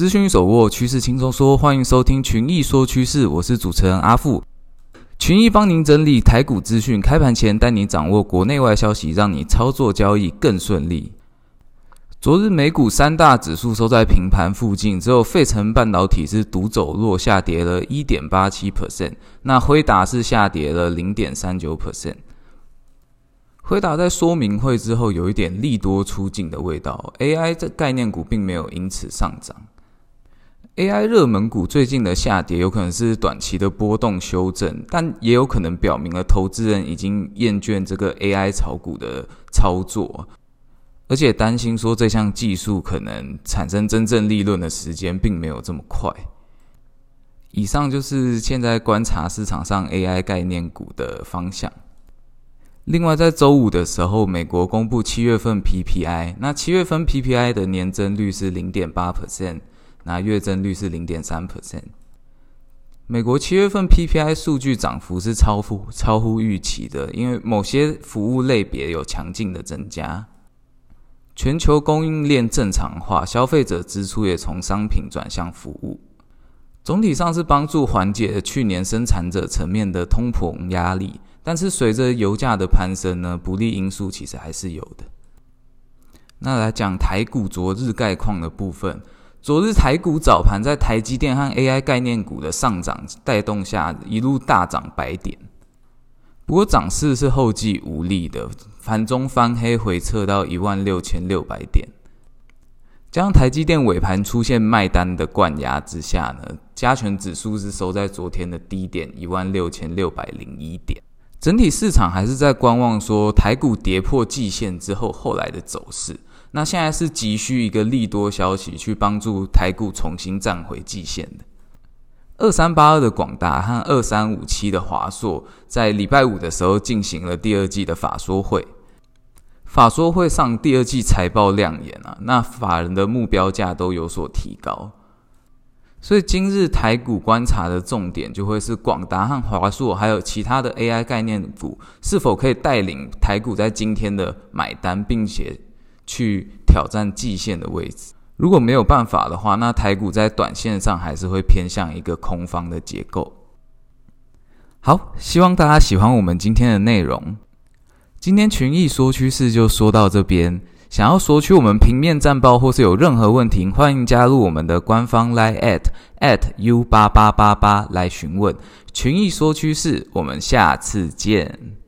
資訊手握趨勢輕鬆說，歡迎收聽群益說趨勢，我是主持人阿富。群益幫您整理台股資訊，開盤前帶你掌握國內外消息，讓你操作交易更順利。昨日美股三大指數收在平盤附近，只有費城半導體是獨走弱，下跌了1.87%。那輝達是下跌了0.39%。輝達在說明會之後有一點利多出盡的味道，AI 這概念股並沒有因此上漲。AI 熱門股最近的下跌，有可能是短期的波動修正，但也有可能表明了投資人已經厭倦這個 AI 炒股的操作，而且擔心說這項技術可能產生真正利潤的時間並沒有這麼快。以上就是現在觀察市場上 AI 概念股的方向。另外，在周五的時候，美國公布七月份 PPI，那七月份 PPI 的年增率是零點八 percent。那月增率是零點三 percent。美國七月份 PPI 數據漲幅是超乎超乎預期的，因為某些服務類別有強勁的增加。全球供應鏈正常化，消費者支出也從商品轉向服務，總體上是幫助緩解了去年生產者層面的通膨壓力。但是隨着油價的攀升呢，不利因素其實還是有的。那來講台股昨日概況的部分。昨日台股早盤在台積電和 AI 概念股的上漲帶動下，一路大漲百點。不過漲勢是後繼無力的，盤中翻黑回撤到一萬六千六百點。加上台積電尾盤出現賣單的灌壓之下呢，加權指數是收在昨天的低點一萬六千六百零一點。整體市場還是在觀望，說台股跌破季線之後後來的走勢。那現在是急需一個利多消息去幫助台股重新站回季線的。二三八二的廣達和二三五七的華碩，在禮拜五的時候進行了第二季的法說會。法說會上第二季財報亮眼啊，那法人的目標價都有所提高。所以今日台股觀察的重點，就會是廣達和華碩，還有其他的 AI 概念股，是否可以帶領台股在今天的買單，並且。去挑戰季線的位置，如果沒有辦法的話，那台股在短線上還是會偏向一個空方的結構。好，希望大家喜歡我們今天的內容。今天群益說趨勢就說到這邊，想要索取我們平面戰報或是有任何問題，歡迎加入我們的官方 Line at at u 八八八八來詢問。群益說趨勢，我們下次見。